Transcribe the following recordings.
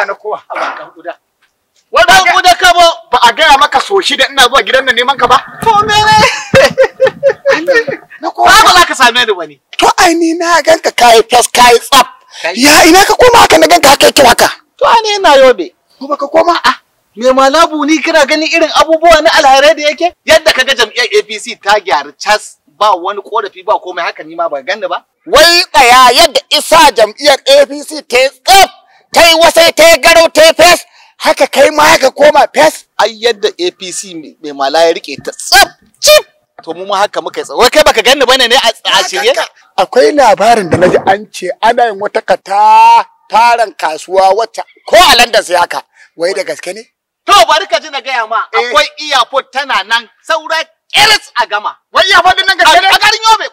ba na kowa ba dan guda wadan guda ka bo ba a gaya maka so shi da ina zuwa gidan nan neman ka ba to me ne na kowa ba za ka same ni bane to ai ni na ganka kai fas kai tsaf ya ina ka koma ka na ganka kai kyau haka to ai ina yobe ko baka koma a ah, me malabu ni kira gani irin abubuwa na alhairai da yake yadda kaga jam'iyyar APC ta gyara cas ba wani korafi ba komai haka ni ma ba ganni ba wai tsaya yadda isa jam'iyyar APC ta tsaf ta yi wasai ta yi ta yi fes haka kai ma haka koma fes ai yadda apc mai mala ya rike ta tsaf to mu ma haka muka tsawo kai baka ganni bane ne a shirye akwai labarin da naji an ce ana yin wata kata taran kasuwa wacce ko a London sai haka wai da gaske ne to bari ka ji na gaya ma eh. akwai airport tana nan saura kiris a gama wai airport din nan gaske ne a garin Yobe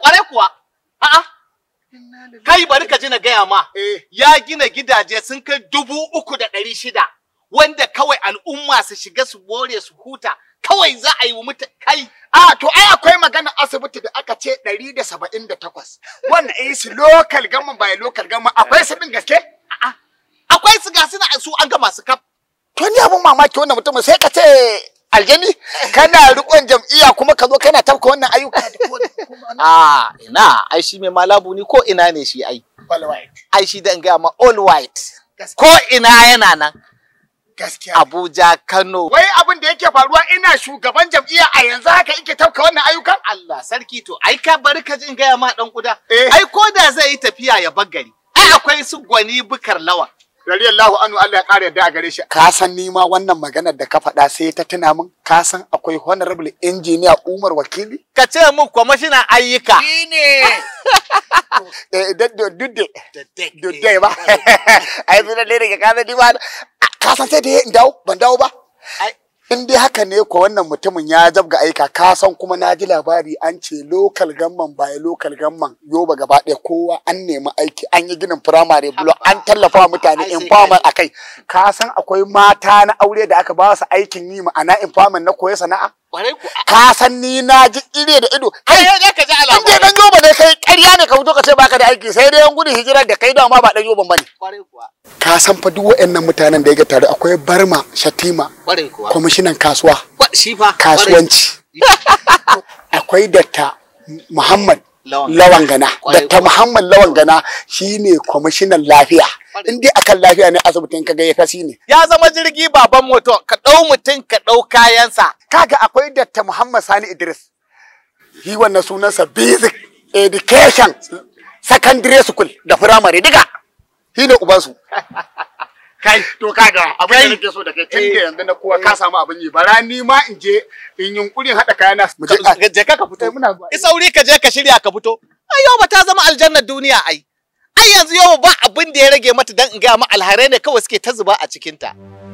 Kai bari ka ji na gaya ma. Eh. Ya gina gidaje sun kai dubu uku da ɗari shida. Wanda kawai al'umma su shiga su bore su huta. Kawai za a yi wa mutum kai. A to ai akwai magana asibiti da aka ce ɗari da saba'in da takwas. Wannan eh su lokal gama bai lokal gama akwai su ɗin gaske? A'a. Akwai su ga suna su an gama su kaf. To ni abun mamaki wannan mutumin sai ka ce aljani kana riƙon jam'iyya kuma ka zo kana tafka wannan ayyuka a ah, ina ai shi mai malabu ni ko ina ne shi ai all white ai shi dan ga ma all white ko ina yana nan gaskiya Abuja Kano wai abin da yake faruwa ina shugaban jam'iyya a yanzu haka yake tafka wannan ayyukan Allah sarki to ai ka bari ka jin gaya ma dan kuda eh. ai ko da zai yi tafiya ya baggari ai akwai su gwani bukar lawa radiyallahu anhu Allah ya kare yadda a gare shi ka san ni ma wannan maganar da ka faɗa sai ta tuna min ka san akwai honorable engineer Umar Wakili ka ce min kwamashinan ayyuka shine eh dudde dudde ba ai sai da ne ka san ni ma ka san sai da in dawo ban dawo ba in dai haka ne ko wannan mutumin ya zabga aika ka san kuma na ji labari an ce lokal gamman baya lokal gamman yoba gaba ɗaya kowa an nemi aiki an yi ginin firamare bulo an tallafa mutane informal a kai ka san akwai mata na aure da aka ba su aikin yi ma'ana informal na koya sana'a ka san ni na ji ire da ido kai in dai dan yoba ne kai ƙarya ne ka fito ka ce baka da aiki sai dai yan gudun hijirar da kai dama ba dan yoban bane ka san fa duk waɗannan mutanen da yake tare akwai barma shatima kwamishinan kasuwa kasuwanci akwai datta muhammad lawan gana datta muhammad lawan gana shine kwamishinan lafiya in dai akan lafiya ne asibitin kaga ya fasi ne ya zama jirgi baban moto ka dau mutum ka dau kayansa kaga akwai datta muhammad sani idris yi wannan sunansa basic education secondary school da primary diga. Hi da ubansu. Kai, to kaga abin da nake so da kai tun da eh. yanzu na kowa ka samu abin yi bara ni ma in je in yunkurin haɗa kayana. Mu je ka fito. Eh, muna zuwa. sauri ka je ka shirya ka fito. Ai yau ba ta zama aljannar duniya ai. Ai yanzu yau ba abin da ya rage mata dan in ga ma alharai ne kawai suke ta zuba a cikinta. ta.